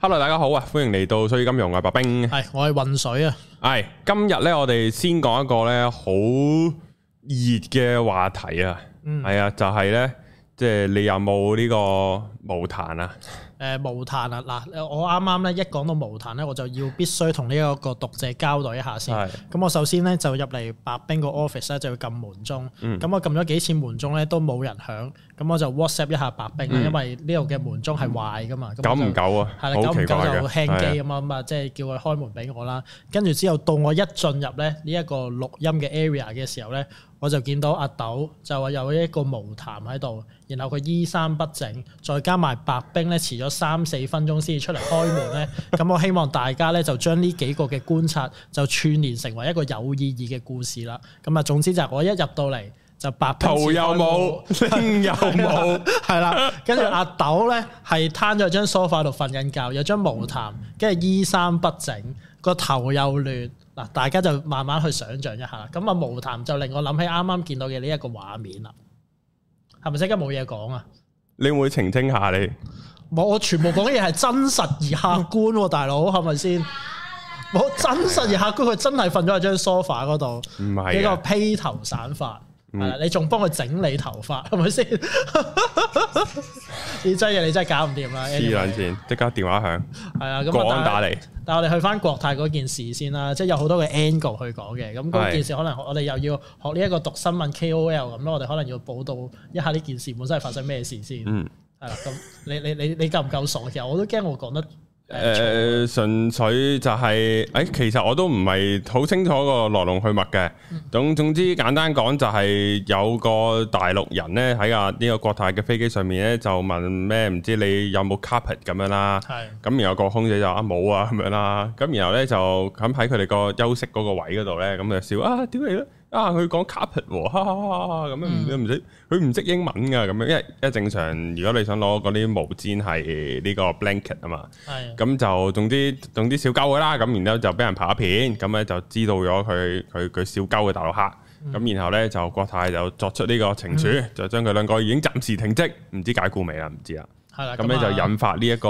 Hello，大家好啊，歡迎嚟到《水與金融》啊，白兵係，我係渾水啊。係今日咧，我哋先講一個咧好熱嘅話題、嗯就是、有有啊，係啊，就係咧，即係你有冇呢個煤炭啊？誒、呃、無彈啦嗱，我啱啱咧一講到無彈咧，我就要必須同呢一個讀者交代一下先。咁的我首先咧就入嚟白兵個 office 咧就要撳門鐘，咁、嗯、我撳咗幾次門鐘咧都冇人響，咁我就 WhatsApp 一下白兵啦，嗯、因為呢度嘅門鐘係壞噶嘛。久唔久啊？係啦的，久唔久就輕機咁啊嘛，即係叫佢開門俾我啦。跟住之後到我一進入咧呢一個錄音嘅 area 嘅時候咧，我就見到阿豆就話有一個無彈喺度，然後佢衣衫不整，再加埋白兵咧遲咗。三四分鐘先至出嚟開門呢。咁 我希望大家呢，就將呢幾個嘅觀察就串聯成為一個有意義嘅故事啦。咁啊，總之就係我一入到嚟就白頭又冇，身又冇，係啦 了。跟住 阿豆呢，係攤咗張梳化度瞓緊覺，有張毛毯，跟住衣衫不整，個頭又亂。嗱，大家就慢慢去想象一下。咁啊，毛毯就令我諗起啱啱見到嘅呢一個畫面啦。係咪即刻冇嘢講啊？你會澄清下你？我我全部講嘅嘢係真實而客觀，大佬係咪先？我真實而客觀，佢真係瞓咗喺張 sofa 嗰度，呢個披頭散髮，係啦、嗯，你仲幫佢整理頭髮，係咪先？呢啲嘢你真係搞唔掂啦！黐線 Animal，即刻電話響，係啦，國安打嚟。但係我哋去翻國泰嗰件事先啦，即係有好多嘅 angle 去講嘅，咁嗰件事可能我哋又要學呢一個讀新聞 KOL 咁咯，我哋可能要報道一下呢件事本身係發生咩事先。嗯。係啦，咁你你你你夠唔夠傻嘅？我都驚我講得誒，純粹就係誒，其實我都唔係好清楚個來龍去脈嘅。嗯、總總之簡單講就係有個大陸人咧喺啊呢個國泰嘅飛機上面咧就問咩唔知你有冇 carpet 咁樣啦，係咁是然後個空姐就話冇啊咁樣啦，咁然後咧就咁喺佢哋個休息嗰個位嗰度咧咁就笑啊點你咧？啊！佢講 carpet，咁樣唔唔識，佢唔識英文噶咁樣，因為正常。如果你想攞嗰啲毛氈係呢個 blanket 啊嘛，咁的就總之總之少鳩噶啦。咁然之後就俾人拍一片，咁咧就知道咗佢佢佢少鳩嘅大陸客。咁、嗯、然後咧就國泰就作出呢個懲處，嗯、就將佢兩個已經暫時停職，唔知解僱未啊？唔知啊。咁咧的就引發呢一個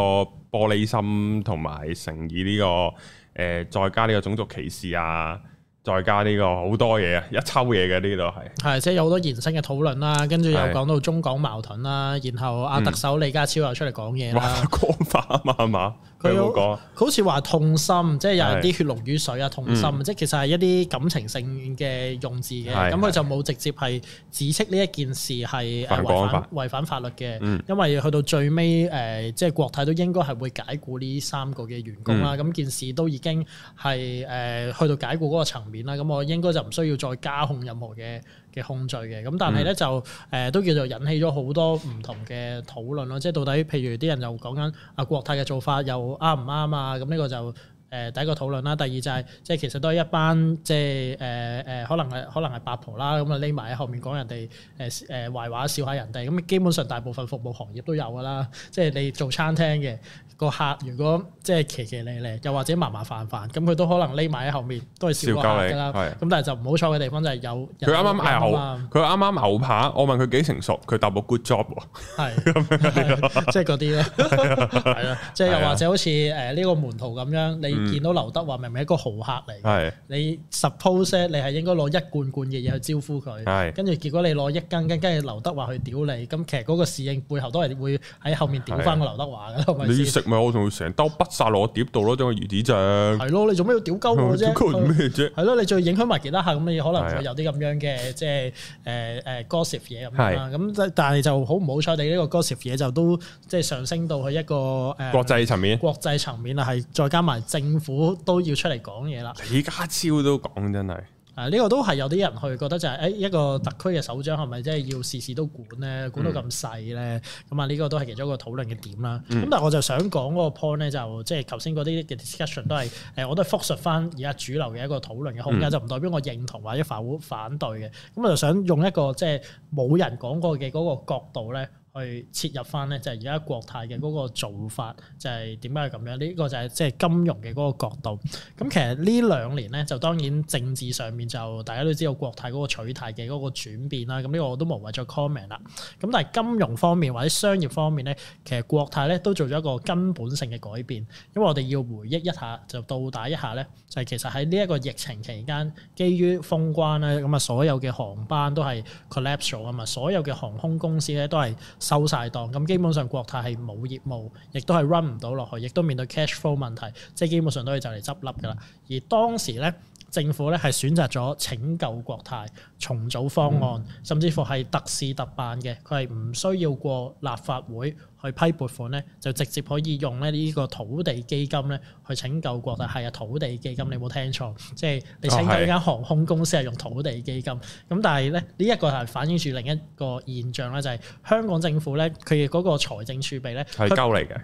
玻璃心同埋誠意呢、呢個誒、呃，再加呢個種族歧視啊！再加呢個好多嘢啊，一抽嘢嘅呢度係，係即係有好多延伸嘅討論啦，跟住又講到中港矛盾啦，是然後阿特首李家超又出嚟講嘢啦，講法麻麻。佢好似話痛心，即係又有啲血濃於水啊！的痛心，嗯、即係其實係一啲感情性嘅用字嘅，咁佢的就冇直接係指斥呢一件事係違反違反法律嘅。嗯、因為去到最尾，誒、呃，即係國泰都應該係會解僱呢三個嘅員工啦。咁、嗯、件事都已經係誒、呃、去到解僱嗰個層面啦。咁我應該就唔需要再加控任何嘅控罪嘅，咁但係咧就誒、呃、都叫做引起咗好多唔同嘅討論咯，即係到底譬如啲人又講緊阿國泰嘅做法又啱唔啱啊？咁、嗯、呢個就～誒第一個討論啦，第二就係即係其實都係一班即係誒誒，可能係可能係八婆啦，咁啊匿埋喺後面講人哋誒誒壞話，笑下人哋咁。基本上大部分服務行業都有㗎啦，即係你做餐廳嘅個客，如果即係騎騎咧咧，又或者麻麻煩煩，咁佢都可能匿埋喺後面都係笑下㗎啦。咁但係就唔好彩嘅地方就係有佢啱啱係啊，佢啱啱牛扒，我問佢幾成熟，佢答我 good job 喎的。即係嗰啲咯，係、就、啦、是，即係那 又或者好似誒呢個門徒咁樣你。見到劉德華明明係一個豪客嚟，你 suppose 你係應該攞一罐罐嘅嘢去招呼佢，跟住結果你攞一斤斤，跟住劉德華去屌你，咁其實嗰個侍應背後都係會喺後面屌翻個劉德華㗎啦。你食咪我同佢成兜筆晒落個碟度咯，將個魚子醬。係咯，你做咩要屌鳩嘅啫？係咯，你再影響埋其他客咁你可能會有啲咁樣嘅即係誒誒 gossip 嘢咁啊。咁但係就好唔好彩，你呢個 gossip 嘢就都即係上升到去一個誒國際層面。國際層面啊，係再加埋政。政府都要出嚟講嘢啦，李家超都講，真係啊，呢、這個都係有啲人去覺得就係、是、誒、欸、一個特區嘅首長係咪真係要事事都管咧，管到咁細咧？咁啊、嗯，呢個都係其中一個討論嘅點啦。咁、嗯、但係我就想講嗰個 point 咧，就即係頭先嗰啲嘅 discussion 都係誒，我都係復述翻而家主流嘅一個討論嘅空間，嗯、就唔代表我認同或者反反對嘅。咁我就想用一個即係冇人講過嘅嗰個角度咧。去切入翻咧，就係而家國泰嘅嗰個做法，就係點解係咁樣？呢、呢個就係即係金融嘅嗰個角度。咁其實呢兩年咧，就當然政治上面就大家都知道國泰嗰個取態嘅嗰個轉變啦。咁呢個我都無謂再 comment 啦。咁但係金融方面或者商業方面咧，其實國泰咧都做咗一個根本性嘅改變。因為我哋要回憶一下，就倒打一下咧，就係、係、其實喺呢一個疫情期間，基於封關咧，咁啊所有嘅航班都係 collapse 啊嘛，所有嘅航空公司咧都係。收晒檔，咁基本上國泰係冇業務，亦都係 run 唔到落去，亦都面對 cash flow 問題，即係基本上都係就嚟執笠㗎喇。而當時咧，政府咧係選擇咗拯救國泰重組方案，甚至乎係特事特辦嘅，佢係唔需要過立法會去批撥款咧，就直接可以用咧呢個土地基金咧去拯救國泰。係啊、嗯，土地基金你冇聽錯，即係你拯救間航空公司係用土地基金。咁、哦、但係咧呢一個係反映住另一個現象咧，就係、是、香港政府咧佢嘅嗰個財政儲備咧係救嚟嘅。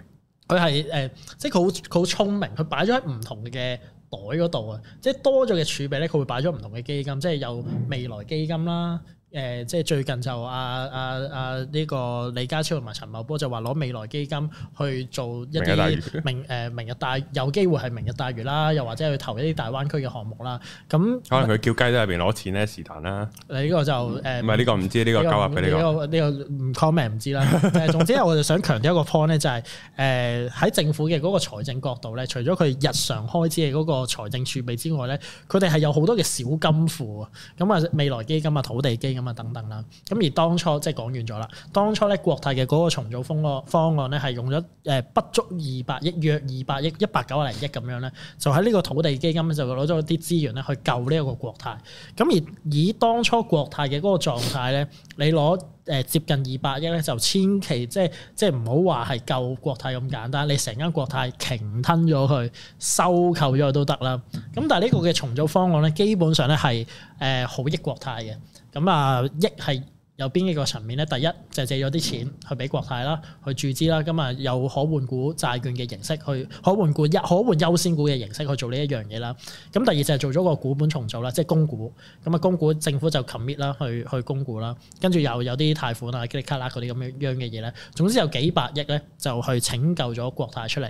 佢係誒，即係佢好佢好聰明，佢擺咗喺唔同嘅袋嗰度啊，即係多咗嘅儲備咧，佢會擺咗唔同嘅基金，即係有未來基金啦。誒，即係最近就阿阿阿呢個李家超同埋陳茂波就話攞未來基金去做一啲明誒明日大嶼，有機會係明日大嶼啦，又或者去投一啲大灣區嘅項目啦。咁可能佢叫雞都入邊攞錢咧，是但啦。你呢個就誒唔係，呢個唔知，呢個交話俾你，呢個呢個唔 comment 唔知啦。總之我就想強調一個 point 咧，就係誒喺政府嘅嗰個財政角度咧，除咗佢日常開支嘅嗰個財政儲備之外咧，佢哋係有好多嘅小金庫啊。咁啊未來基金啊、土地基金。咁啊，等等啦。咁而當初即係講完咗啦。當初咧，國泰嘅嗰個重組風個方案咧，係用咗誒不足二百億，約二百億，一百九啊零億咁樣咧，就喺呢個土地基金就攞咗啲資源咧去救呢一個國泰。咁而以當初國泰嘅嗰個狀態咧，你攞誒接近二百億咧，就千祈即係即係唔好話係救國泰咁簡單，你成間國泰鯨吞咗佢收購咗佢都得啦。咁但係呢個嘅重組方案咧，基本上咧係誒好益國泰嘅。咁啊，益係、嗯、有邊幾個層面咧？第一就係、借咗啲錢去俾國泰啦，去注資啦。咁啊，有可換股債券嘅形式去可換股、可換優先股嘅形式去做呢一樣嘢啦。咁第二就係、係、做咗個股本重組啦，即係供股。咁啊，供股政府就 commit 啦，去去供股啦。跟住又有啲貸款啊、激利卡啦嗰啲咁樣樣嘅嘢咧。總之有幾百億咧，就去拯救咗國泰出嚟。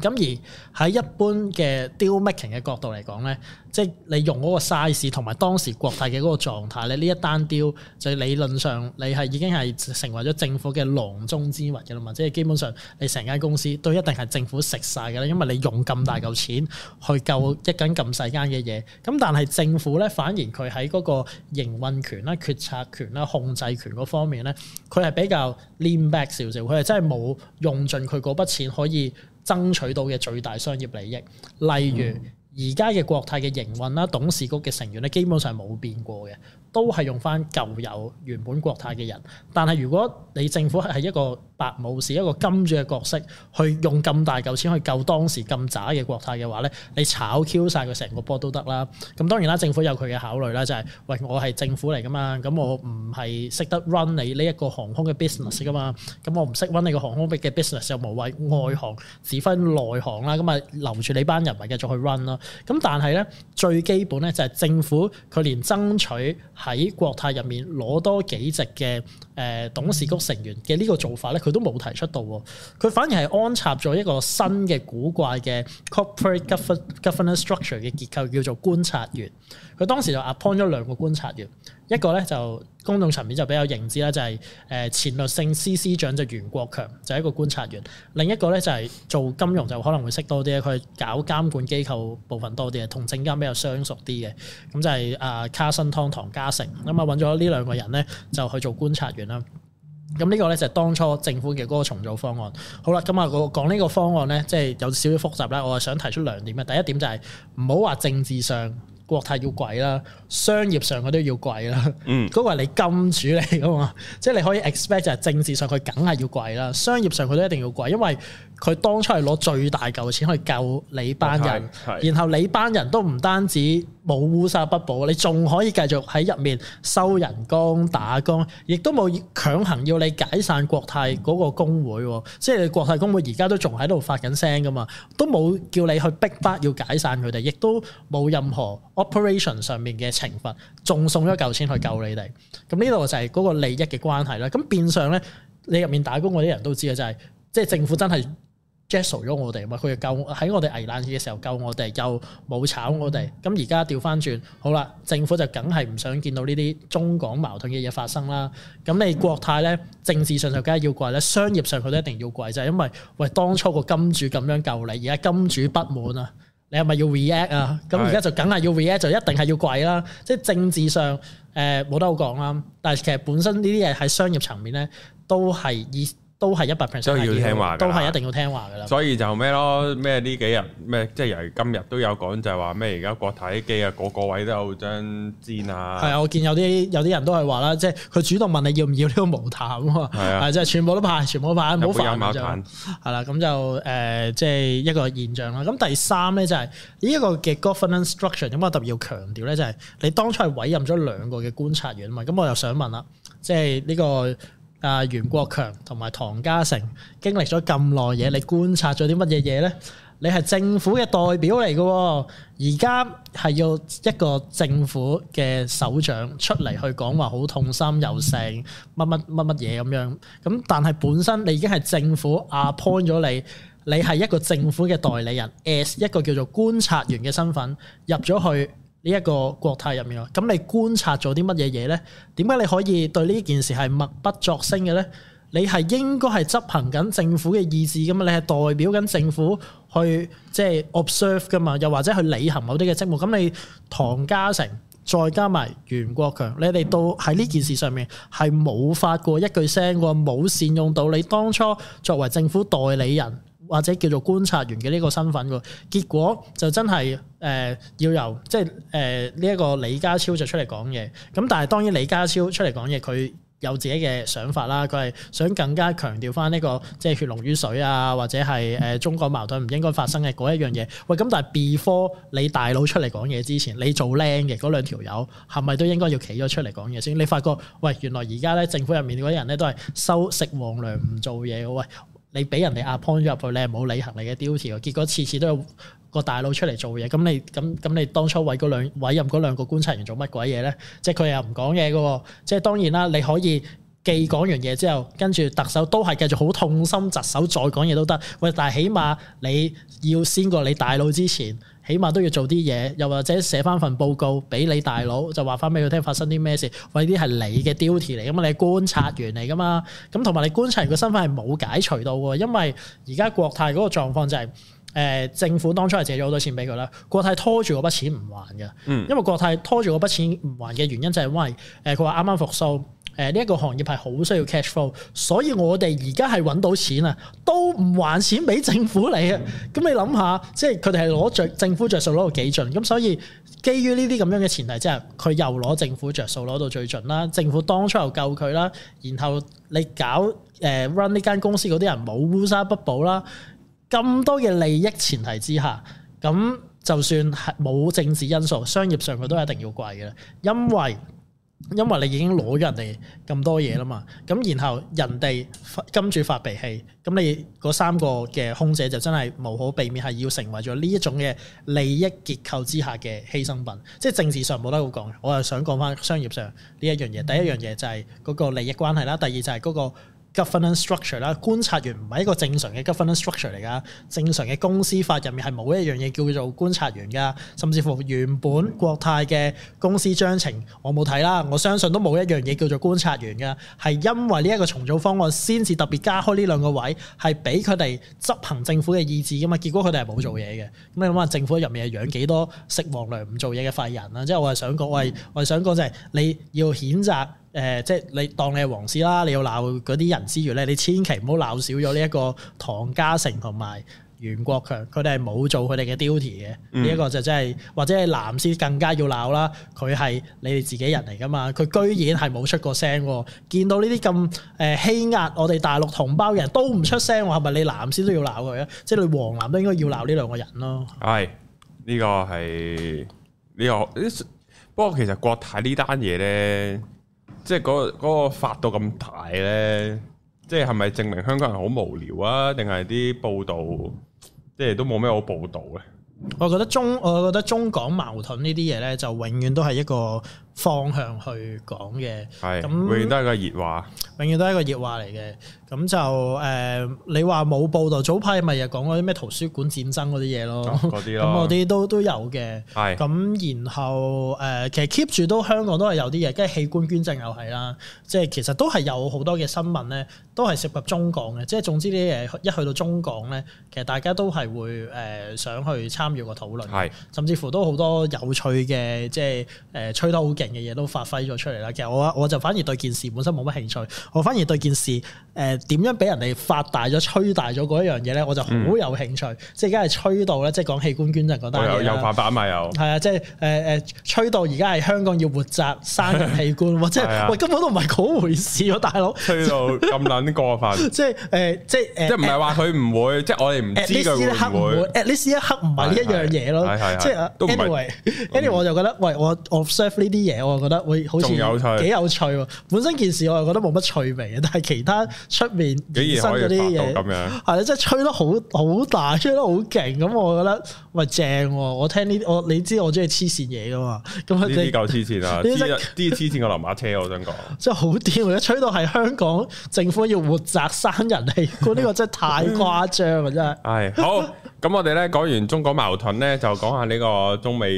咁而喺一般嘅 deal making 嘅角度嚟講咧，即係你用嗰個 size 同埋當時國泰嘅嗰個狀態咧，呢一單 deal 就理論上你係已經係成為咗政府嘅囊中之物嘅啦嘛，即係基本上你成間公司都一定係政府食晒嘅啦，因為你用咁大嚿錢去救一間咁細間嘅嘢。咁但係政府咧，反而佢喺嗰個營運權啦、決策權啦、控制權嗰方面咧，佢係比較 lean back 少少，佢係真係冇用盡佢嗰筆錢可以爭取到嘅最大商業利益，例如而家嘅國泰嘅營運啦，董事局嘅成員咧，基本上冇變過嘅。都係用翻舊有原本國泰嘅人，但係如果你政府係一個白武士，一個金主嘅角色，去用咁大嚿錢去救當時咁渣嘅國泰嘅話咧，你炒 Q 晒佢成個波都得啦。咁當然啦，政府有佢嘅考慮啦，就係喂，我係政府嚟噶嘛，咁我唔係識得 run 你呢一個航空嘅 business 噶嘛，咁我唔識 run 你個航空嘅 business 又無謂外行指揮內行啦，咁啊留住你班人咪繼續去 run 咯。咁但係咧最基本咧就係政府佢連爭取喺國泰入面攞多幾席嘅誒董事局成員嘅呢個做法咧，佢都冇提出到，佢反而係安插咗一個新嘅古怪嘅 corporate governance structure 嘅結構，叫做觀察員。佢當時就 appoint 咗兩個觀察員，嗯、一個咧就。公眾層面就比較認知啦，就係、是、誒前律政司司長就袁國強，就係、是、一個觀察員；另一個咧就係做金融就可能會識多啲咧，佢搞監管機構部分多啲嘅，同證監比較相熟啲嘅。咁就係啊卡辛湯唐家成咁，啊揾咗呢兩個人咧就去做觀察員啦。咁呢個咧就係當初政府嘅嗰個重組方案。好啦，咁啊我講呢個方案咧，即、就、係、是、有少少複雜啦。我啊想提出兩點嘅，第一點就係唔好話政治上。國泰要跪啦，商業上佢都要跪啦。嗰、嗯、個係你金主嚟噶嘛？即係你可以 expect 就係政治上佢梗係要跪啦，商業上佢都一定要跪，因為，佢當初係攞最大嚿錢去救你班人，白然後你班人都唔單止冇烏紗不保，你仲可以繼續喺入面收人工打工，亦都冇強行要你解散國泰嗰個工會，即係國泰工會而家都仲喺度發緊聲噶嘛，都冇叫你去逼迫要解散佢哋，亦都冇任何 operation 上面嘅懲罰，仲送咗嚿錢去救你哋。咁呢度就係嗰個利益嘅關係啦。咁變相咧，你入面打工嗰啲人都知啊、就係，就係即係政府真係。壓縮咗我哋，咪佢又救喺我哋危難嘅時候救我哋，又冇炒我哋。咁而家調翻轉，好啦，政府就梗係唔想見到呢啲中港矛盾嘅嘢發生啦。咁你國泰咧，政治上就梗係要貴咧，商業上佢都一定要貴，就係因為喂當初個金主咁樣救你，而家金主不滿啊，你係咪要 react 啊？咁而家就梗係要 react，就一定係要貴啦。即係政治上誒冇得好講啦，但係其實本身呢啲嘢喺商業層面咧都係以。都係一百 percent，都係一定要聽話嘅啦。所以就咩咯？咩呢幾日咩？即係由今日都有講，就係話咩？而家國泰機啊，個個位都有張氈啊。係啊，我見有啲有啲人都係話啦，即係佢主動問你要唔要呢個毛毯啊，即係全部都派，全部都派，唔好煩啊。係啦，咁就誒，即係一個現象啦。咁第三咧就係呢一個嘅 government instruction，咁我特別要強調咧？就係你當初係委任咗兩個嘅觀察員啊嘛。咁我又想問啦，即係呢個。啊袁國強同埋唐家成經歷咗咁耐嘢，你觀察咗啲乜嘢嘢咧？你係政府嘅代表嚟㗎，而家係要一個政府嘅首長出嚟去講話，好痛心又成乜乜乜乜嘢咁樣。咁但係本身你已經係政府 appoint 咗你，你係一個政府嘅代理人，as 一個叫做觀察員嘅身份入咗去。呢一個國泰入面啊，咁你觀察咗啲乜嘢嘢咧？點解你可以對呢件事係默不作聲嘅咧？你係應該係執行緊政府嘅意志噶嘛？你係代表緊政府去即係 observe 噶嘛？又或者去履行某啲嘅職務？咁你唐家成再加埋袁國強，你哋都喺呢件事上面係冇發過一句聲喎，冇善用到你當初作為政府代理人。或者叫做觀察員嘅呢個身份喎，結果就真係誒、呃、要由即係誒呢一個李家超就出嚟講嘢。咁但係當然李家超出嚟講嘢，佢有自己嘅想法啦。佢係想更加強調翻呢個即係血濃於水啊，或者係誒中國矛盾唔應該發生嘅嗰一樣嘢。喂，咁但係 before 你大佬出嚟講嘢之前，你做僆嘅嗰兩條友係咪都應該要企咗出嚟講嘢先？你發覺喂，原來而家咧政府入面嗰啲人咧都係收食皇糧唔做嘢嘅喂。你俾人哋 appoint 咗入去，你係冇履行你嘅 duty 喎。結果次次都有個大佬出嚟做嘢，咁你咁咁你當初委嗰委任嗰兩個觀察員做乜鬼嘢咧？即係佢又唔講嘢嘅喎。即係當然啦，你可以既講完嘢之後，跟住特首都係繼續好痛心疾首再講嘢都得。喂，但係起碼你要先過你大佬之前。起碼都要做啲嘢，又或者寫翻份報告俾你大佬，就話翻俾佢聽發生啲咩事。呢啲係你嘅 duty 嚟，咁啊你係觀察員嚟噶嘛？咁同埋你觀察員嘅身份係冇解除到嘅，因為而家國泰嗰個狀況就係、是，誒、呃、政府當初係借咗好多錢俾佢啦，國泰拖住嗰筆錢唔還嘅，因為國泰拖住嗰筆錢唔還嘅原因就係因為，誒佢話啱啱復蘇。誒，呢一、呃這個行業係好需要 cash flow，所以我哋而家係揾到錢啊，都唔還錢俾政府你啊。咁你諗下，即係佢哋係攞着政府着數攞到幾盡，咁所以基於呢啲咁樣嘅前提之下，佢又攞政府着數攞到最盡啦。政府當初又救佢啦，然後你搞誒、呃、run 呢間公司嗰啲人冇烏紗不保啦，咁多嘅利益前提之下，咁就算係冇政治因素，商業上佢都一定要貴嘅啦，因為因為你已經攞咗人哋咁多嘢啦嘛，咁然後人哋跟住發脾氣，咁你嗰三個嘅空姐就真係無可避免係要成為咗呢一種嘅利益結構之下嘅犧牲品，即係政治上冇得好講，我又想講翻商業上呢一樣嘢，第一樣嘢、嗯、就係嗰個利益關係啦，第二就係嗰個。governance structure 啦，觀察員唔係一個正常嘅 governance structure 嚟噶。正常嘅公司法入面係冇一樣嘢叫做觀察員噶。甚至乎原本國泰嘅公司章程，我冇睇啦，我相信都冇一樣嘢叫做觀察員噶。係因為呢一個重組方案，先至特別加開呢兩個位，係俾佢哋執行政府嘅意志噶嘛。結果佢哋係冇做嘢嘅。咁你諗下，政府入面係養幾多食皇糧唔做嘢嘅廢人啊？即係我係想講，喂，我係想講就係你要譴責。誒、呃，即係你當你係黃絲啦，你要鬧嗰啲人之餘咧，你千祈唔好鬧少咗呢一個唐家成同埋袁國強，佢哋係冇做佢哋嘅 duty 嘅呢一個就真、是、係或者係藍絲更加要鬧啦。佢係你哋自己人嚟噶嘛？佢居然係冇出過聲、啊，見到呢啲咁誒欺壓我哋大陸同胞嘅人都唔出聲、啊，話係咪你藍絲都要鬧佢啊？即係你黃藍都應該要鬧呢兩個人咯。係呢、哎呢個係呢、呢個，不過其實國泰呢單嘢咧。即係嗰嗰個發到咁大咧，即係係咪證明香港人好無聊啊？定係啲報道即係都冇咩好報道咧？我覺得中，我覺得中港矛盾呢啲嘢咧，就永遠都係一個，方向去講嘅，係咁是那永遠都係個熱話，永遠都係個熱話嚟嘅。咁就誒、呃，你話冇報導，早排咪又講嗰啲咩圖書館戰爭嗰啲嘢咯，嗰啲咁啲都都有嘅。係咁是，然後誒、呃，其實 keep 住都香港都係有啲嘢，跟住器官捐贈又係啦，即係其實都係有好多嘅新聞咧，都係涉及中港嘅。即係總之呢啲嘢一去到中港咧，其實大家都係會誒、呃、想去參與個討論，是甚至乎都好多有趣嘅，即係誒吹得。嘅嘢都發揮咗出嚟啦。其實我我就反而對件事本身冇乜興趣，我反而對件事誒點樣俾人哋發大咗、吹大咗嗰一樣嘢咧，我就好有興趣。即係而家係吹到咧，即係講器官捐贈嗰單嘢有有辦法啊嘛？有係啊，即係誒誒吹到而家係香港要活摘生人器官，即係喂根本都唔係嗰回事喎，大佬吹到咁撚過分。即係誒即係即係唔係話佢唔會？即係我哋唔知佢會唔會？at least 一刻唔係呢一樣嘢咯。即係 anyway，anyway，我就覺得喂，我我 observe 呢啲嘢。我又覺得會好似幾有趣喎。本身件事我又覺得冇乜趣味嘅，但係其他出面衍生嗰啲嘢，咁係咧，即係吹得好好大，吹得好勁咁，我覺得喂，正啊。我聽呢啲，我你知我中意黐線嘢噶嘛？咁啊，呢啲夠黐線啦，啲黐線過流馬車，我想講，即係好癲，佢吹到係香港政府要活摘生人嚟，呢 個真係太誇張啦！真係。係 好，咁我哋咧講完中港矛盾咧，就講下呢個中美。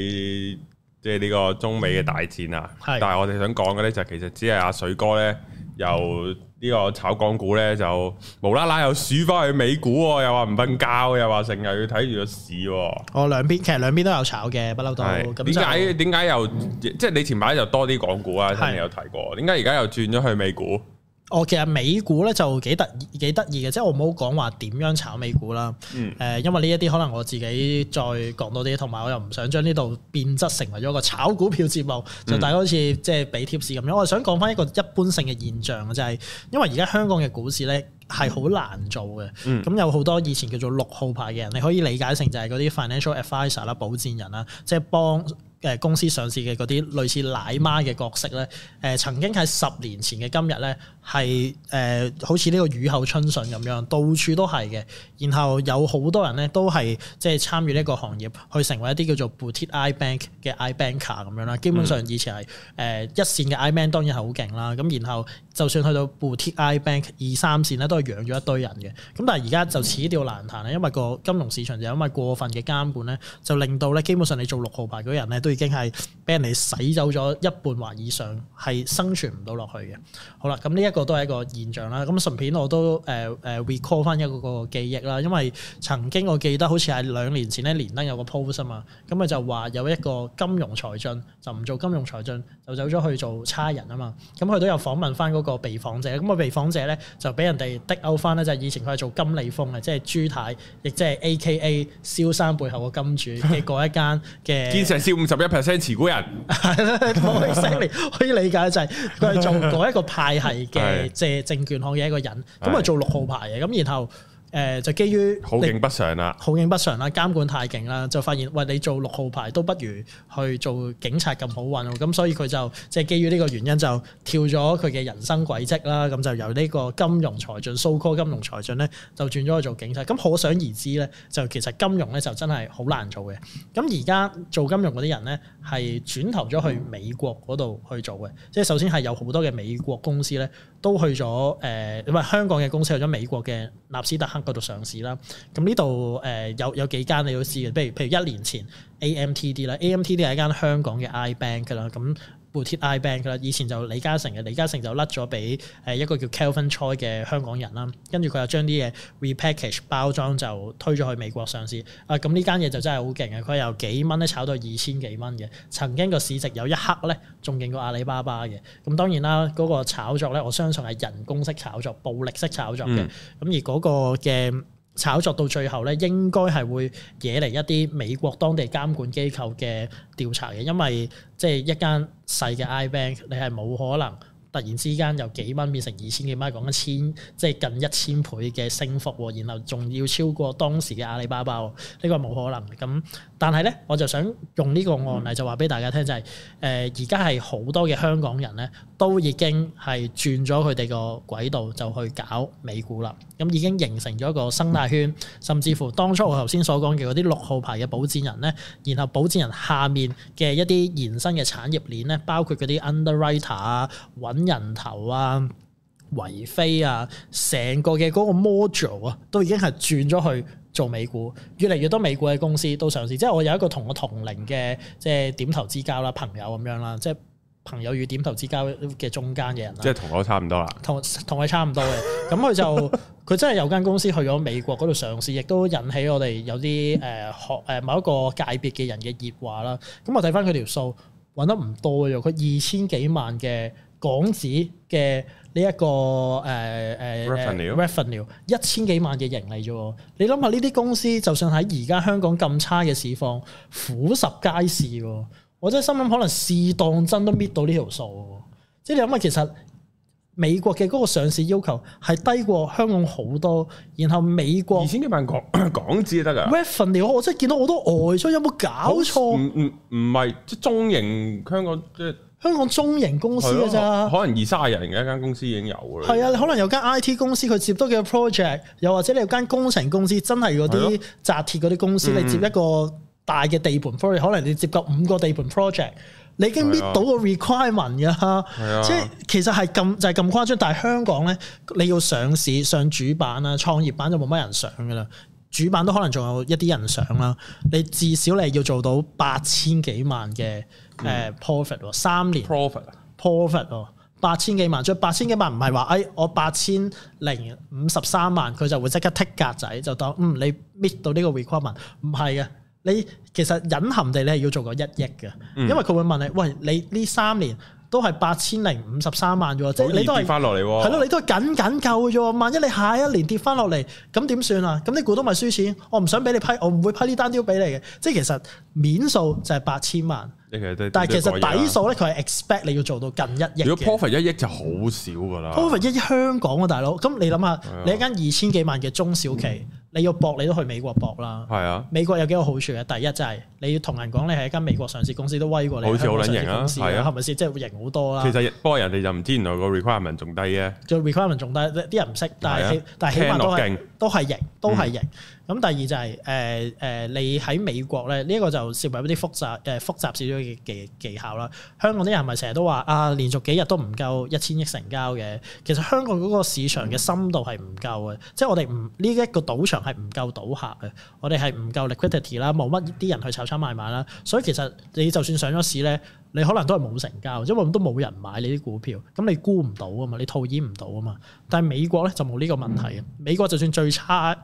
即係呢個中美嘅大戰啊！是但係我哋想講嘅咧，就其實只係阿水哥咧，由呢個炒港股咧，就無啦啦又鼠翻去美股喎，又話唔瞓覺，又話成日要睇住個市喎。哦，兩邊其實兩邊都有炒嘅，不嬲都係。咁點解點解又、嗯、即係你前排就多啲港股啊？之前有提過，點解而家又轉咗去美股？我其實美股咧就幾得意幾得意嘅，即係我冇講話點樣炒美股啦。誒、嗯，因為呢一啲可能我自己再講多啲，同埋我又唔想將呢度變質成為咗個炒股票節目，嗯、就大家好似即係俾貼士咁樣。我想講翻一個一般性嘅現象就係、是、因為而家香港嘅股市咧係好難做嘅。咁、嗯、有好多以前叫做六號牌嘅人，你可以理解成就係嗰啲 financial advisor 啦、保薦人啦，即係幫。誒公司上市嘅嗰啲類似奶媽嘅角色咧，誒、嗯、曾經喺十年前嘅今日咧，係誒、呃、好似呢個雨後春筍咁樣，到處都係嘅。然後有好多人咧都係即係參與呢個行業去成為一啲叫做 boutique iBank 嘅 iBanker 咁樣啦。Er, 基本上以前係誒、呃、一線嘅 iBank 當然係好勁啦。咁然後就算去到 boutique iBank 二三線咧，都係養咗一堆人嘅。咁但係而家就始屌難彈啦，因為個金融市場就因為過分嘅監管咧，就令到咧基本上你做六號牌嗰啲人咧都。已經係俾人哋洗走咗一半或以上，係生存唔到落去嘅。好啦，咁呢一個都係一個現象啦。咁順便我都誒誒 recall 翻一個個記憶啦，因為曾經我記得好似係兩年前咧，連登有個 post 啊嘛，咁佢就話有一個金融才俊就唔做金融才俊，就走咗去做差人啊嘛。咁佢都有訪問翻嗰個被訪者，咁個被訪者咧就俾人哋 diou 翻咧，就以前佢係做金利豐嘅，即係朱太亦即係 A K A 蕭生背後嘅金主嘅一間嘅。 十一 percent 持股人，係啦，可以理解，就係佢係做嗰一個派系嘅，即係證券行嘅一個人，咁啊的做六號牌嘅，咁的然後。誒就基於好景不常啦，好景不常啦，監管太勁啦，就發現喂你做六號牌都不如去做警察咁好運，咁所以佢就即係基於呢個原因就跳咗佢嘅人生軌跡啦，咁就由呢個金融財俊、so called 金融財俊咧就轉咗去做警察，咁可想而知咧就其實金融咧就真係好難做嘅，咁而家做金融嗰啲人咧係轉頭咗去美國嗰度去做嘅，即係首先係有好多嘅美國公司咧都去咗誒唔係香港嘅公司去咗美國嘅納斯達克。嗰度上市啦，咁呢度誒有有幾間你都知嘅，譬如譬如一年前 AMTD 啦，AMTD 係一間香港嘅 iBank 㗎喇，咁、嗯。Boutique I.Bank 啦，bank，以前就李嘉誠嘅，李嘉誠就甩咗俾誒一個叫 Kelvin Choi 嘅香港人啦，跟住佢又將啲嘢 repackage 包裝就推咗去美國上市，啊咁呢間嘢就真係好勁嘅，佢由幾蚊咧炒到二千幾蚊嘅，曾、嗯、經個市值有一刻咧仲勁過阿里巴巴嘅，咁當然啦嗰個炒作咧，我相信係人工式炒作、暴力式炒作嘅，咁而嗰個嘅。炒作到最後咧，應該係會惹嚟一啲美國當地監管機構嘅調查嘅，因為即係一間細嘅 iBank，你係冇可能突然之間由幾蚊變成二千幾蚊，講一千即係近一千倍嘅升幅，然後仲要超過當時嘅阿里巴巴，呢個冇可能咁。但係咧，我就想用呢個案例就話俾大家聽，就是，就係誒而家係好多嘅香港人咧，都已經係轉咗佢哋個軌道，就去搞美股啦。咁已經形成咗一個生態圈，甚至乎當初我頭先所講嘅嗰啲六號牌嘅保薦人咧，然後保薦人下面嘅一啲延伸嘅產業鏈咧，包括嗰啲 underwriter 啊、揾人頭啊、圍飛啊，成個嘅嗰個 module 啊，都已經係轉咗去。做美股，越嚟越多美股嘅公司都上市。即係我有一個同我同齡嘅即係點頭之交啦，朋友咁樣啦，即係朋友與點頭之交嘅中間嘅人啦。即係同我差唔多啦，同同佢差唔多嘅，咁佢 就佢真係有間公司去咗美國嗰度上市，亦都引起我哋有啲誒、呃、學誒、呃、某一個界別嘅人嘅熱話啦。咁我睇翻佢條數揾得唔多啫，佢二千幾萬嘅港紙嘅。呢一、這個誒誒，Revenue，Revenue 一千幾萬嘅盈利啫喎，你諗下呢啲公司，就算喺而家香港咁差嘅市況，俯拾皆是喎，我真係心諗可能事當真都搣到呢條數喎，即係你諗下其實美國嘅嗰個上市要求係低過香港好多，然後美國 Revenue，二千幾萬港港紙得㗎，Revenue，我真係見到、呃、出有有好多外商有冇搞錯？唔唔唔係，即、嗯、中型香港即係。呃香港中型公司嘅咋，的可能二卅人嘅一間公司已經有㗎喇。係啊的，你可能有間 I T 公司佢接多幾個 project，又的或者你有間工程公司，真係嗰啲紮鐵嗰啲公司，的你接一個大嘅地盤 project，、嗯、可能你接夠五個地盤 project，的你已經搣到個 requirement 㗎啦。即係其實係咁就係咁誇張，但係香港咧，你要上市上主板啊、創業板就冇乜人上噶啦。主板都可能仲有一啲人想啦，你至少你要做到八千幾萬嘅誒 profit 三年 profit，profit，八千幾萬，即八千幾萬唔係話，誒、哎、我八千零五十三萬，佢就會即刻剔格仔，就當嗯你 meet 到呢個 requirement，唔係嘅，你，你其實隱含地你係要做個一億嘅，因為佢會問你，喂你呢三年？都係八千零五十三萬啫，即係你都跌翻落嚟，係咯，你都係僅僅夠嘅啫。萬一你下一年跌翻落嚟，咁點算啊？咁你股東咪輸錢。我唔想俾你批，我唔會批啲單 deal 俾你嘅。即係其實面數就係八千萬，嗯、但係其實底數咧，佢係、嗯、expect 你要做到近一億。如果 profit 一億就好少噶啦 profit 一億香港啊，大佬。咁你諗下，你一間二千幾萬嘅中小企。嗯嗯你要搏，你都去美國搏啦。係啊，美國有幾個好處嘅，第一就係、係、你要同人講你係一間美國上市公司都威過你好似好撚型啊，香港嘅公司，係啊，係咪先？即係會型好多啦、啊。其實不過人哋就唔知原來個 requirement 仲低，re 低啊。就 requirement 仲低，啲人唔識，但係但係起碼都勁，都係型，嗯、都係型。咁第二就係誒誒，你喺美國咧，呢一個就涉及一啲複雜誒複雜少少嘅技技巧啦。香港啲人係咪成日都話啊，連續幾日都唔夠一千億成交嘅。其實香港嗰個市場嘅深度係唔夠嘅，即係我哋唔呢一個賭場係唔夠賭客嘅，我哋係唔夠 liquidity 啦，冇乜啲人去炒炒賣賣啦。所以其實你就算上咗市咧，你可能都係冇成交，因為都冇人買你啲股票，咁你沽唔到啊嘛，你套現唔到啊嘛。但係美國咧就冇呢個問題啊，美國就算最差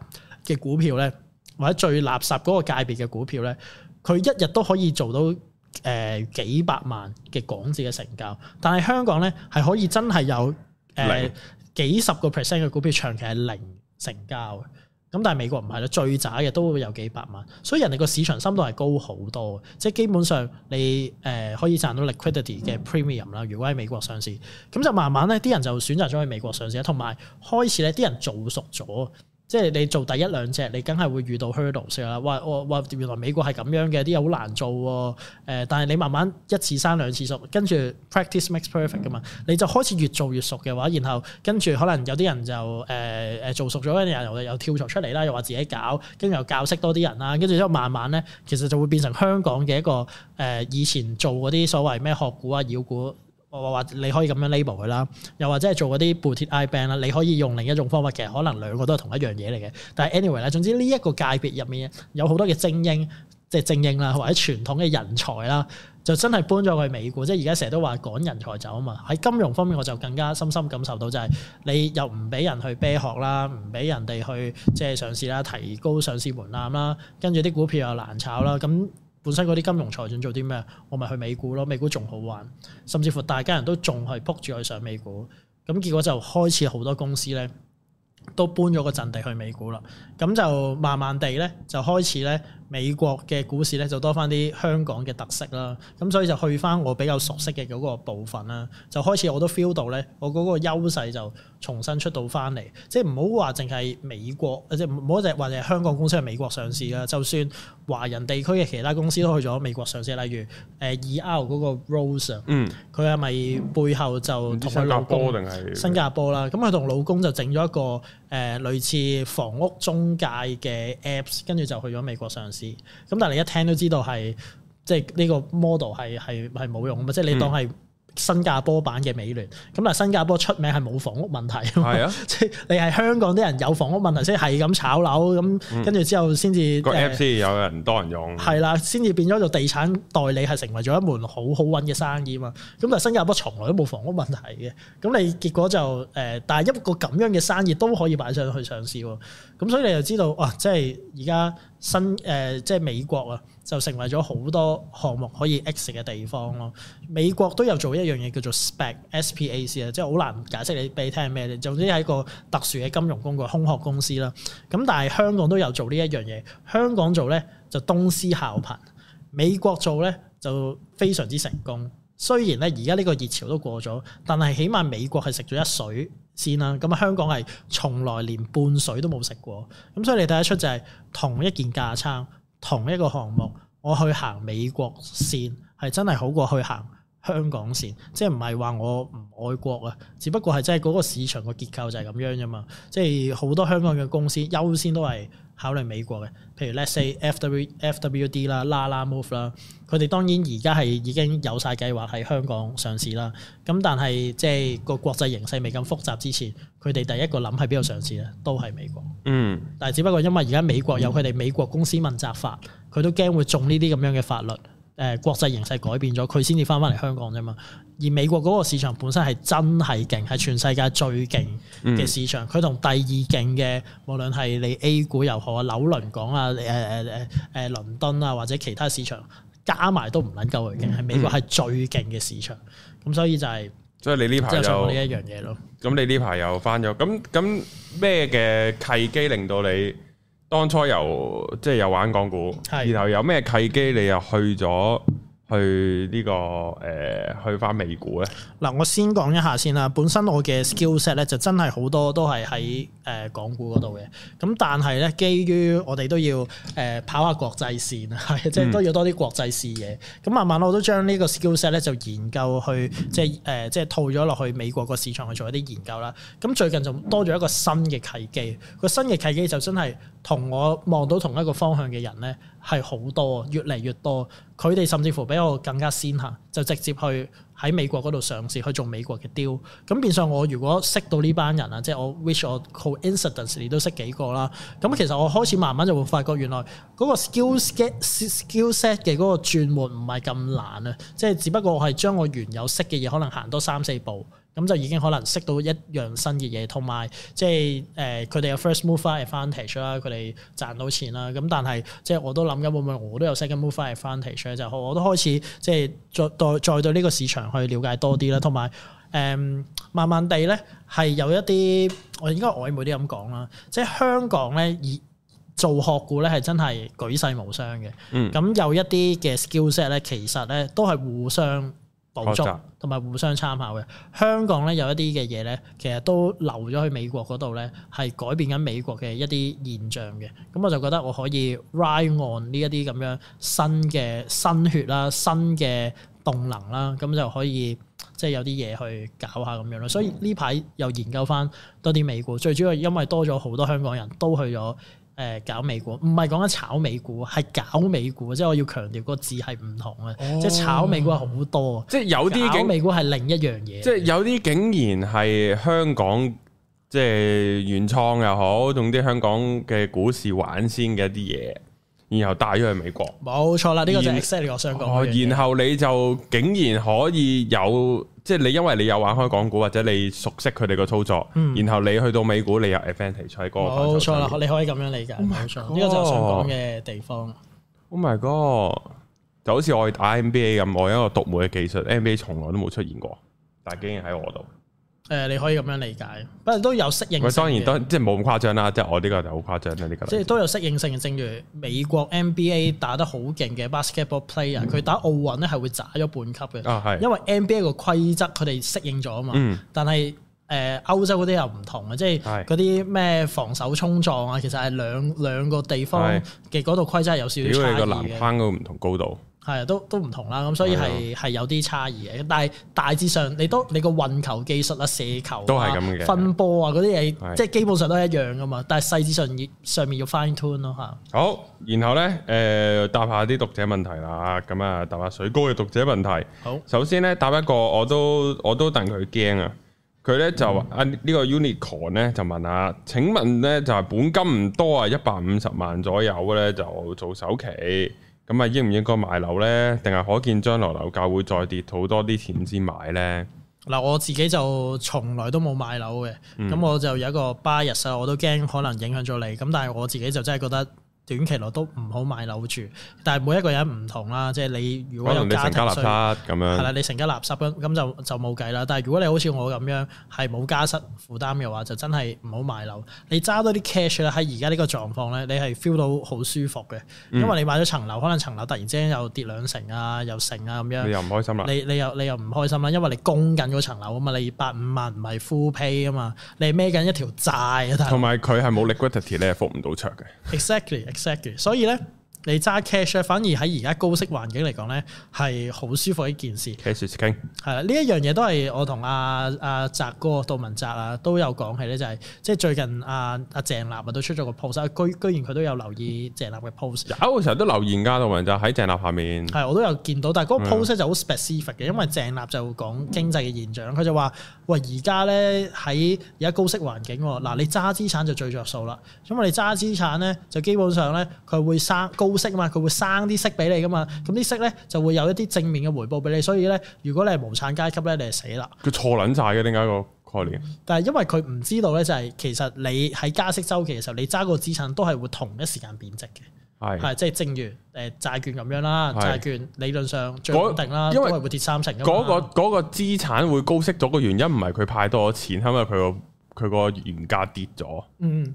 嘅股票咧，或者最垃圾嗰個界別嘅股票咧，佢一日都可以做到誒、呃、幾百萬嘅港紙嘅成交。但係香港咧係可以真係有誒、呃、幾十個 percent 嘅股票長期係零成交嘅。咁但係美國唔係咯，最渣嘅都會有幾百萬。所以人哋個市場深度係高好多，即、就、係、是、基本上你誒可以賺到 liquidity 嘅 premium 啦。嗯、如果喺美國上市，咁就慢慢咧啲人就選擇咗去美國上市，同埋開始咧啲人做熟咗。即係你做第一兩隻，你梗係會遇到 hurdles 啦。話我話原來美國係咁樣嘅，啲嘢好難做喎、呃。但係你慢慢一次生兩次熟，跟住 practice makes perfect 噶嘛、嗯。你就開始越做越熟嘅話，然後跟住可能有啲人就誒誒、呃、做熟咗，跟住又又跳槽出嚟啦，又話自己搞，跟住又教識多啲人啦，跟住之後慢慢咧，其實就會變成香港嘅一個誒、呃、以前做嗰啲所謂咩學股啊、妖股。或或你可以咁樣 label 佢啦，又或者係做嗰啲 boutique I band 啦，你可以用另一種方法，其實可能兩個都係同一樣嘢嚟嘅。但係 anyway 啦，總之呢一個界別入面有好多嘅精英，即係精英啦，或者傳統嘅人才啦，就真係搬咗去美股。即係而家成日都話趕人才走啊嘛。喺金融方面，我就更加深深感受到就係你又唔俾人去啤殼啦，唔俾人哋去即係上市啦，提高上市門檻啦，跟住啲股票又難炒啦，咁。本身嗰啲金融財政做啲咩？我咪去美股咯，美股仲好玩，甚至乎大家人都仲係撲住去上美股，咁結果就開始好多公司咧都搬咗個陣地去美股啦，咁就慢慢地咧就開始咧。美國嘅股市咧就多翻啲香港嘅特色啦，咁所以就去翻我比較熟悉嘅嗰個部分啦，就開始我都 feel 到咧，我嗰個優勢就重新出到翻嚟，即係唔好話淨係美國，即唔好就話淨係香港公司喺美國上市啦，就算華人地區嘅其他公司都去咗美國上市，例如誒、ER、二 R 嗰個 Rose，嗯，佢係咪背後就同新加坡定係新加坡啦？咁佢同老公就整咗一個。誒類似房屋中介嘅 Apps，跟住就去咗美國上市。咁但係你一聽都知道係即係呢個 model 係係係冇用嘅嘛，即係你當係。新加坡版嘅美聯，咁但係新加坡出名係冇房屋問題，係啊，即係 你係香港啲人有房屋問題，先係咁炒樓，咁跟住之後先至、嗯、是個 app 先有人多人用，係啦、啊，先至變咗做地產代理，係成為咗一門好好揾嘅生意啊嘛！咁但係新加坡從來都冇房屋問題嘅，咁你結果就誒、呃，但係一個咁樣嘅生意都可以擺上去上市，咁所以你就知道哇、啊，即係而家新誒、呃、即係美國啊！就成為咗好多項目可以 X 嘅地方咯。美國都有做一樣嘢叫做 spec SPAC 啊，即係好難解釋你俾你聽係咩。總之係一個特殊嘅金融工具，空殼公司啦。咁但係香港都有做呢一樣嘢。香港做咧就東施效顰，美國做咧就非常之成功。雖然咧而家呢個熱潮都過咗，但係起碼美國係食咗一水先啦。咁香港係從來連半水都冇食過。咁所以你睇得出就係同一件架生。同一個項目，我去行美國線，係真係好過去行。香港線，即係唔係話我唔愛國啊，只不過係真係嗰個市場個結構就係咁樣啫嘛。即係好多香港嘅公司優先都係考慮美國嘅，譬如 let's say FW FWD 啦、Lala Move 啦，佢哋當然而家係已經有晒計劃喺香港上市啦。咁但係即係個國際形勢未咁複雜之前，佢哋第一個諗係邊度上市咧？都係美國。嗯。但係只不過因為而家美國有佢哋美國公司問責法，佢都驚會中呢啲咁樣嘅法律。誒國際形勢改變咗，佢先至翻翻嚟香港啫嘛。而美國嗰個市場本身係真係勁，係全世界最勁嘅市場。佢同、嗯、第二勁嘅，無論係你 A 股又好啊、紐倫港啊、誒誒誒誒倫敦啊，或者其他市場加埋都唔能夠佢嘅。嗯、美國係最勁嘅市場。咁所以就係、是，所以、嗯嗯、你呢排就上到呢一樣嘢咯。咁你呢排又翻咗？咁咁咩嘅契機令到你？當初又即係又玩港股，然是的 後有咩契機你又去咗？去呢、呢個誒、呃、去翻美股咧？嗱，我先講一下先啦。本身我嘅 skillset 咧就真係好多都係喺誒港股嗰度嘅。咁但係咧，基於我哋都要誒、呃、跑下國際線啊，即係都要多啲國際視野。咁、嗯、慢慢我都將呢個 skillset 咧就研究去，即係誒即係套咗落去美國個市場去做一啲研究啦。咁最近就多咗一個新嘅契機，個新嘅契機就真係同我望到同一個方向嘅人咧。係好多，越嚟越多。佢哋甚至乎比我更加先行，就直接去喺美國嗰度上市去做美國嘅雕。咁變相我如果識到呢班人啊，即係我 wish 我 coincidence 你都識幾個啦。咁其實我開始慢慢就會發覺，原來嗰個 skill set, skill set 嘅嗰個轉換唔係咁難啊。即係只不過我係將我原有識嘅嘢，可能行多三四步。咁就已經可能識到一樣新嘅嘢，同埋即係誒佢哋有 first mover advantage 啦，佢哋賺到錢啦。咁但係即係我都諗緊會唔會我都有 second mover advantage 就好，我都開始即係再再再對呢個市場去了解多啲啦，同埋誒慢慢地咧係有一啲我應該曖昧啲咁講啦，即係香港咧以做學股咧係真係舉世無雙嘅。嗯，咁有一啲嘅 skillset 咧，其實咧都係互相。補足，同埋互相參考嘅。香港咧有一啲嘅嘢咧，其實都留咗去美國嗰度咧，係改變緊美國嘅一啲現象嘅。咁我就覺得我可以 ride on 呢一啲咁樣新嘅新血啦、新嘅動能啦，咁就可以即係有啲嘢去搞下咁樣咯。所以呢排又研究翻多啲美國，最主要因為多咗好多香港人都去咗。誒、呃、搞美股，唔係講緊炒美股，係搞美股，即係我要強調個字係唔同啊！哦、即係炒美股係好多，即係有啲搞美股係另一樣嘢。即係有啲竟然係香港，即係原創又好，同啲香港嘅股市玩先嘅一啲嘢，然後帶咗去美國。冇錯啦，呢、這個就 exactly 而我想講。然後你就竟然可以有。即係你，因為你有玩開港股或者你熟悉佢哋個操作，嗯、然後你去到美股，你有 advantage 喺嗰個。冇錯、哦、啦，你可以咁樣理解。冇錯，呢個就係我講嘅地方。Oh my god！就好似我去打 NBA 咁，我有一個獨門嘅技術，NBA 從來都冇出現過，但係竟然喺我度。嗯誒你可以咁樣理解，不過都有適應性。當然都即係冇咁誇張啦，即係我呢個就好誇張啦呢、呢個。即係都有適應性嘅，正如美國 NBA 打得好勁嘅 basketball player，佢、嗯、打奧運咧係會渣咗半級嘅，嗯啊、因為 NBA 個規則佢哋適應咗啊嘛。嗯、但係誒、呃、歐洲嗰啲又唔同啊，即係嗰啲咩防守衝撞啊，其實係兩兩個地方嘅嗰度規則係有少少差異嘅。個籃框嗰個唔同高度。係啊，都都唔同啦，咁所以係係的有啲差異嘅，但係大致上你都你個運球技術啊、射球都、啊、嘅。分波啊嗰啲嘢，即係是的 基本上都一樣噶嘛。但係細致上上面要 fine tune 咯吓。啊、好，然後咧誒，呃、答下啲讀者問題啦。咁啊，答下水哥嘅讀者問題。好，首先咧答一個，我都我都戥佢驚啊。佢咧就、嗯、啊、這個、呢個 unicorn 咧就問下：「請問咧就係、是、本金唔多啊，一百五十萬左右咧就做首期。咁啊應唔應該買樓呢？定係可見將來樓價會再跌，好多啲錢先買呢？嗱，我自己就從來都冇買樓嘅，咁、嗯、我就有一個巴日我都驚可能影響咗你。咁但係我自己就真係覺得，短期內都唔好買樓住，但係每一個人唔同啦。即係你如果有家庭需要，係啦樣，你成家立室咁就就冇計啦。但係如果你好似我咁樣係冇家室負擔嘅話，就真係唔好買樓。你揸多啲 cash 咧，喺而家呢個狀況咧，你係 feel 到好舒服嘅，因為你買咗層樓，可能層樓突然之間又跌兩成啊，又成啊咁樣你你，你又唔開心啦。你你又你又唔開心啦，因為你供緊嗰層樓啊嘛，你百五萬唔係 full pay 啊嘛，你孭緊一條債啊。同埋佢係冇 liquidity 你係，復唔到桌嘅。Exactly。set 嘅，所以咧。你揸 cash 咧，反而喺而家高息環境嚟講咧，係好舒服一件事。繼續先傾，係啦，呢一樣嘢都係我同阿阿澤哥杜汶澤啊都有講起咧，就係、是、即係最近阿阿鄭立啊都出咗個 post，居居然佢都有留意鄭立嘅 post。有嘅時候都留言噶，杜汶澤喺鄭立下面。係，我都有見到，但係個 post 就好 specific 嘅，因為鄭立就講經濟嘅現象，佢就話：「喂，而家咧喺而家高息環境，嗱，你揸資產就最着數啦。」咁我哋揸資產咧，就基本上咧佢會生高。高息嘛，佢會生啲息俾你噶嘛，咁啲息咧就會有一啲正面嘅回報俾你，所以咧如果你係無產階級咧，你係死啦。佢錯捻晒嘅，點解個概念？但係因為佢唔知道咧、就是，就係其實你喺加息周期嘅時候，你揸個資產都係會同一時間貶值嘅，係是，係即係，正如誒債、呃、券咁樣啦，債是券理論上最穩定啦、那個，因為會跌三成。嗰、那個嗰、那個資產會高息咗嘅原因，唔係佢派多咗錢，因為佢個佢個原價跌咗。嗯。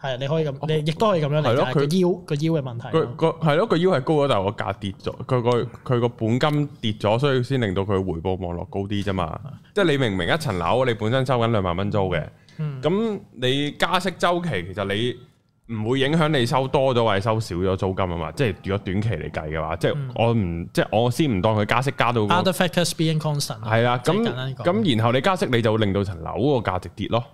係，你可以咁，你亦都可以咁樣嚟。係咯，佢腰個腰嘅問題。佢咯，個腰係高咗，但係個價跌咗。佢個佢個本金跌咗，所以先令到佢回報率落高啲啫嘛。啊、即係你明明一層樓，你本身收緊兩萬蚊租嘅。嗯。咁你加息週期，其實你唔會影響你收多咗或者收少咗租金啊嘛。即係如果短期嚟計嘅話，即係、嗯、我唔即係我先唔當佢加息加到、那個。係啦，咁咁，然後你加息，你就會令到層樓個價值跌咯。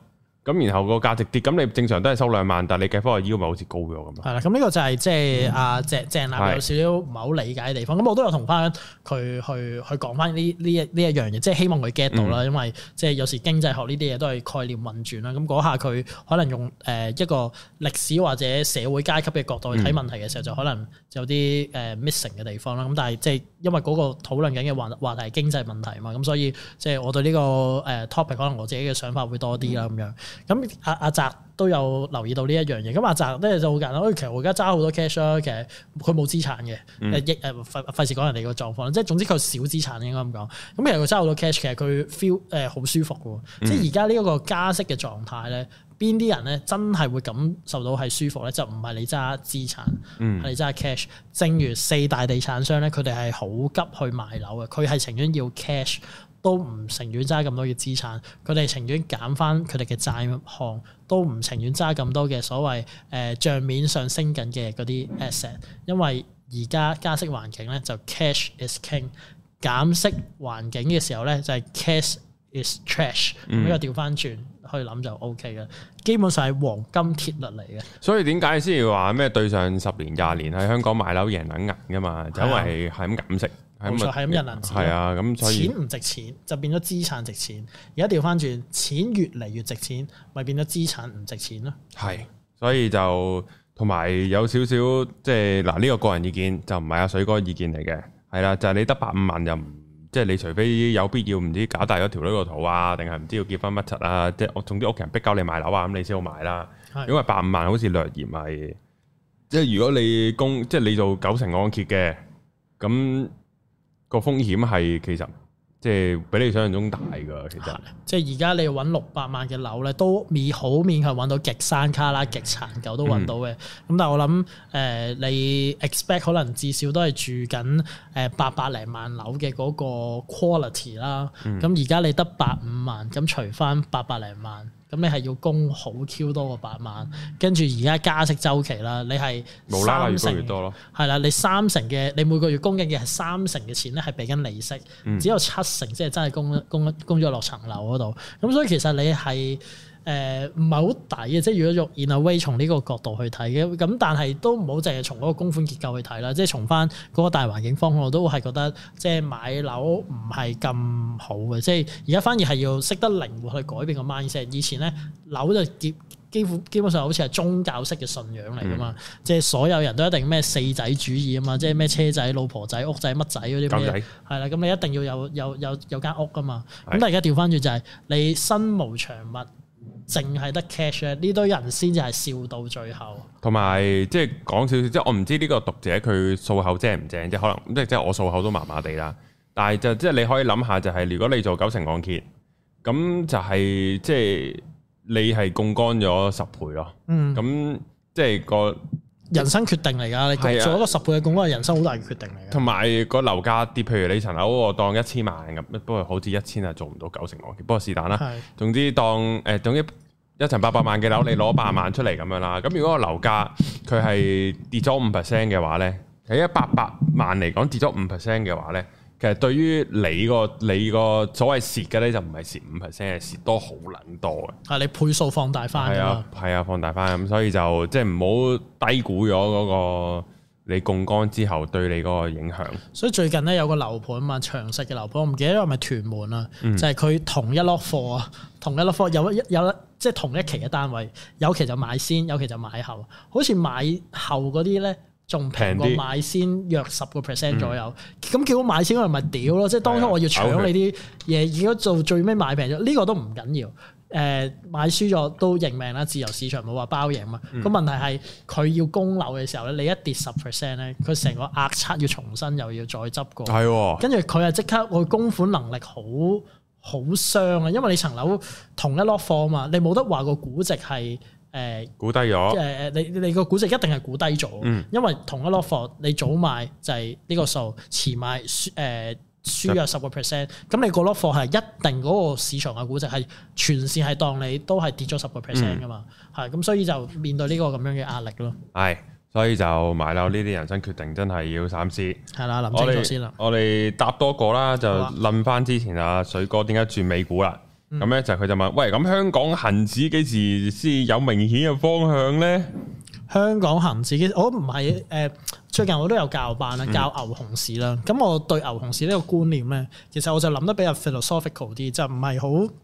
咁然後個價值跌，咁你正常都係收兩萬，但係你計翻個腰咪好似高咗咁啊？係啦、嗯，咁呢個就係即係阿鄭鄭立有少少唔係好理解嘅地方。咁的我都有同翻佢去去講翻呢呢一呢一樣嘢，即係希望佢 get 到啦。嗯、因為即係有時經濟學呢啲嘢都係概念混轉啦。咁嗰、嗯、下佢可能用誒一個歷史或者社會階級嘅角度去睇問題嘅時候，嗯、就可能就有啲誒 missing 嘅地方啦。咁但係即係因為嗰個討論緊嘅話話題係經濟問題啊嘛，咁所以即係我對呢個誒 topic 可能我自己嘅想法會多啲啦咁樣。嗯咁阿阿澤都有留意到一、啊、呢一樣嘢，咁阿澤咧就好簡單、欸。其實我而家揸好多 cash 啦、啊，其實佢冇資產嘅，一億誒費事講人哋個狀況啦。即、就、係、是、總之佢少資產應該咁講。咁其實佢揸好多 cash，其實佢 feel 誒、呃、好舒服嘅。嗯、即係而家呢一個加息嘅狀態咧，邊啲人咧真係會感受到係舒服咧？就唔係你揸資產，係、嗯、你揸 cash。正如四大地產商咧，佢哋係好急去賣樓嘅，佢係情願要 cash。都唔情願揸咁多嘅資產，佢哋情願減翻佢哋嘅債項，都唔情願揸咁多嘅所謂誒、呃、帳面上升緊嘅嗰啲 asset，因為而家加息環境咧就 cash is king，減息環境嘅時候咧就係、是、cash is trash，咁又調翻轉去諗就 O K 啦，基本上係黃金鐵律嚟嘅。所以點解先要話咩對上十年廿年喺香港買樓贏兩銀嘅嘛？嗯、就因為係咁減息。冇錯，係咁人能錢，係啊咁，所以錢唔值錢就變咗資產值錢，而家調翻轉，錢越嚟越值錢，咪變咗資產唔值錢咯。係，所以就同埋有少少即係嗱，呢個個人意見就唔係阿水哥意見嚟嘅，係啦，就係你得百五萬又唔，即係你除非有必要唔知搞大咗條女個肚啊，定係唔知要結婚乜柒啊，即係總之屋企人逼鳩你買樓啊，咁你先好買啦。的因為百五萬好似略嫌係即係如果你供即係你做九成按揭嘅咁。個風險係其實即係比你想象中大噶、啊，其實、啊、即係而家你揾六百萬嘅樓咧，都未好，勉強揾到極山卡啦，極殘舊都揾到嘅。咁但係我諗，誒、呃，你 expect 可能至少都係住緊誒八百零萬樓嘅嗰個 quality 啦。咁而家你得百五萬，咁除翻八百零萬。咁你係要供好 Q 多個八萬，跟住而家加息周期啦，你係冇啦越多咯，係啦，你三成嘅，你每個月供緊嘅係三成嘅錢咧，係俾緊利息，只有七成即係真係供，供，供咗落層樓嗰度，咁所以其實你係。誒唔係好抵嘅，即係如果 in a way 從呢個角度去睇嘅，咁但係都唔好淨係從嗰個供款結構去睇啦，即係從翻嗰個大環境方向，我都係覺得即係買樓唔係咁好嘅，即係而家反而係要識得靈活去改變個 mindset。以前咧樓就結幾乎基本上好似係宗教式嘅信仰嚟㗎嘛，嗯、即係所有人都一定咩四仔主義啊嘛，即係咩車仔、老婆仔、屋仔乜仔嗰啲，係啦，咁你一定要有有有有、有、有間屋㗎嘛。咁但係而家調翻轉就係、是、你身無長物。淨係得 cash 呢堆人先至係笑到最後。同埋即係講少少，即係我唔知呢個讀者佢數口正唔正，即係可能即係即係我數口都麻麻地啦。但係就即係你可以諗下，就係、是、如果你做九成按揭，咁就係即係你係槓桿咗十倍咯。嗯，咁即係個人生決定嚟噶，你做一個十倍嘅供都係人生好大嘅決定嚟嘅。同埋、啊、個樓價跌，譬如你層樓我當一千萬咁，不過好似一千啊做唔到九成喎，不過是但啦。總之當誒、呃、總之一層八百萬嘅樓，你攞八十萬出嚟咁樣啦。咁如果個樓價佢係跌咗五 percent 嘅話咧，喺八百萬嚟講跌咗五 percent 嘅話咧。其實對於你個你個所謂蝕嘅咧，就唔係蝕五 percent 嘅蝕，都多好捻多嘅。啊，你倍數放大翻。係啊，係啊，放大翻。咁所以就即係唔好低估咗嗰、那個、嗯、你槓桿之後對你嗰個影響。所以最近咧有個樓盤啊嘛，長實嘅樓盤，我唔記得係咪屯門啊？就係、是、佢同一 lot 貨同一 lot 貨有一有即係、就是、同一期嘅單位，有期就買先，有期就買後。好似買後嗰啲咧，仲平過買先，約十個 percent 左右。咁叫我買先，我咪屌咯！即係當初我要搶你啲嘢，如果、嗯、做最尾買平咗，呢、呢個都唔緊要。誒、呃、買輸咗都認命啦，自由市場冇話包贏嘛。個、嗯、問題係佢要供樓嘅時候咧，你一跌十 percent 咧，佢成個壓測要重新又要再執過。跟住佢係即刻個供款能力好好傷啊，因為你層樓同一攞貨啊嘛，你冇得話個估值係。誒，呃、估低咗，誒誒、呃，你你個估值，一定係估低咗，嗯、因為同一碌貨，你早賣就係呢個數，遲賣誒輸咗十個 percent，咁你個碌貨係一定嗰個市場嘅估值係全線係當你都係跌咗十個 percent 噶嘛，係咁、嗯、所以就面對呢個咁樣嘅壓力咯，係，所以就買樓呢啲人生決定真係要三思，係啦，冷靜咗先啦，我哋答多個啦，就諗翻之前阿水哥點解轉美股啦。咁咧、嗯、就佢就問：喂，咁香港恆指幾時先有明顯嘅方向咧？香港恆指其實我唔係誒，最近我都有教班啦，教牛熊市啦。咁、嗯、我對牛熊市呢個觀念咧，其實我就諗得比較 philosophical 啲，就唔係好。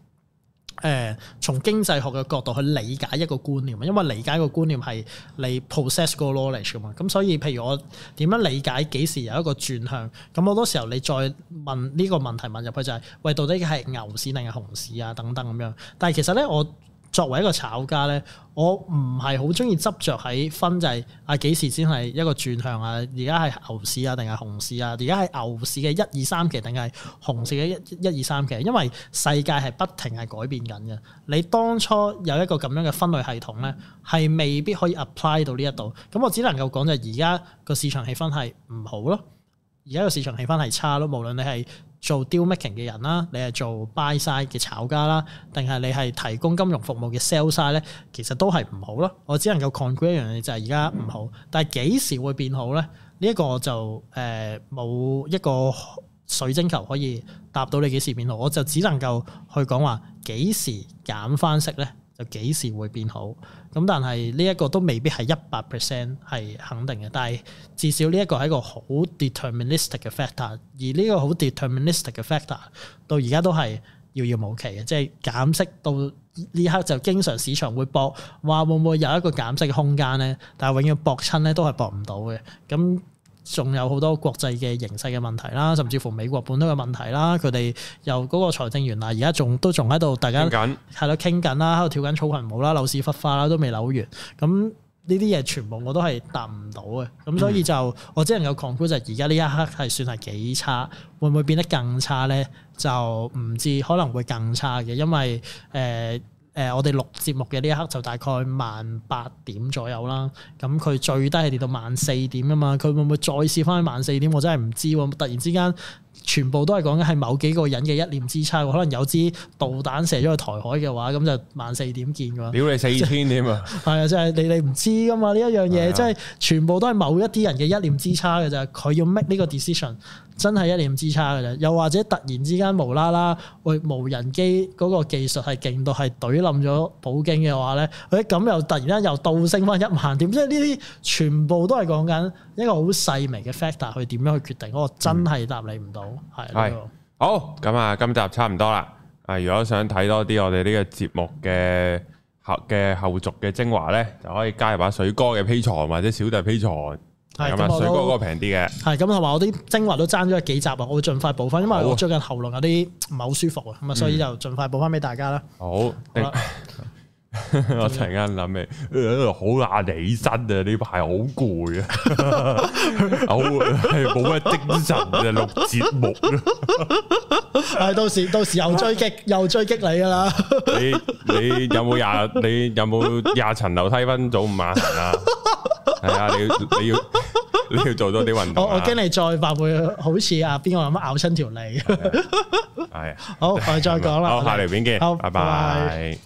誒、呃，從經濟學嘅角度去理解一個觀念，因為理解個觀念係你 process 個 knowledge 噶嘛，咁所以譬如我點樣理解幾時有一個轉向，咁好多時候你再問呢個問題問入去就係、是，喂，到底係牛市定係熊市啊等等咁樣，但係其實咧我。作為一個炒家咧，我唔係好中意執着喺分，就係啊幾時先係一個轉向啊？而家係牛市啊，定係熊市啊？而家係牛市嘅一二三期，定係熊市嘅一一二三期？因為世界係不停係改變緊嘅。你當初有一個咁樣嘅分類系統咧，係未必可以 apply 到呢一度。咁我只能夠講就係而家個市場氣氛係唔好咯，而家個市場氣氛係差咯，無論你係，做 deal making 嘅人啦，你係做 buy side 嘅炒家啦，定係你係提供金融服務嘅 sell side 咧，其實都係唔好咯。我只能夠 conclude 一樣嘢就係而家唔好，但係幾時會變好咧？呢、這、一個就誒冇、呃、一個水晶球可以答到你幾時變好，我就只能夠去講話幾時減翻息咧。就幾時會變好？咁但係呢一個都未必係一百 percent 係肯定嘅。但係至少呢一個係一個好 deterministic 嘅 factor。而呢個好 deterministic 嘅 factor 到而家都係遙遙無期嘅，即係減息到呢刻就經常市場會搏話會唔會有一個減息嘅空間咧？但係永遠搏親咧都係搏唔到嘅。咁仲有好多國際嘅形勢嘅問題啦，甚至乎美國本土嘅問題啦，佢哋由嗰個財政員啊，而家仲都仲喺度，大家傾緊咯，傾緊啦，喺度跳緊草裙舞啦，扭市忽發啦，都未扭完。咁呢啲嘢全部我都係答唔到嘅，咁、嗯、所以就我只能夠 conclude 就係而家呢一刻係算係幾差，會唔會變得更差咧？就唔知可能會更差嘅，因為誒。呃誒、呃，我哋錄節目嘅呢一刻就大概萬八點左右啦。咁佢最低係跌到萬四點㗎嘛，佢會唔會再試返萬四點？我真係唔知喎，突然之間。全部都係講緊係某幾個人嘅一念之差，可能有支導彈射咗去台海嘅話，咁就萬四點見噶，屌你四千添啊！係啊，的即係你你唔知噶嘛呢一樣嘢，即係全部都係某一啲人嘅一念之差嘅就啫。佢要 make 呢個 decision，真係一念之差嘅啫。又或者突然之間無啦啦，喂，無，無人機嗰個技術係勁到係懟冧咗普京嘅話咧，佢咁又突然間又倒升翻一萬點，即係呢啲全部都係講緊一個好細微嘅 factor，佢點樣去決定？我、嗰個、真係答你唔到。嗯係係好咁啊，今、這個、集差唔多啦。啊，如果想睇多啲我哋呢個節目嘅後嘅後續嘅精華咧，就可以加入下水哥嘅 Patreon，或者小弟 Patreon< 的>。係咁啊，水哥嗰個平啲嘅。係咁同埋我啲精華都爭咗幾集啊，我會盡快補翻，因為我最近喉嚨有啲唔係好舒服好啊，咁啊，所以就盡快補翻俾大家啦。嗯、好。 我突然間諗起，呃、好難起身啊！呢排好攰啊，好冇乜精神啊，錄節目、啊。係到時到時又追擊，啊、又追擊你噶啦。你你有冇廿？你有冇廿層樓梯分早午晚行啊？係啊， 你你要你要做多啲運動、啊我。我我驚你再話會好似阿邊個咁樣咬親條脷。係、 啊啊、好，對我哋再講啦。好，下條片見，好，拜拜。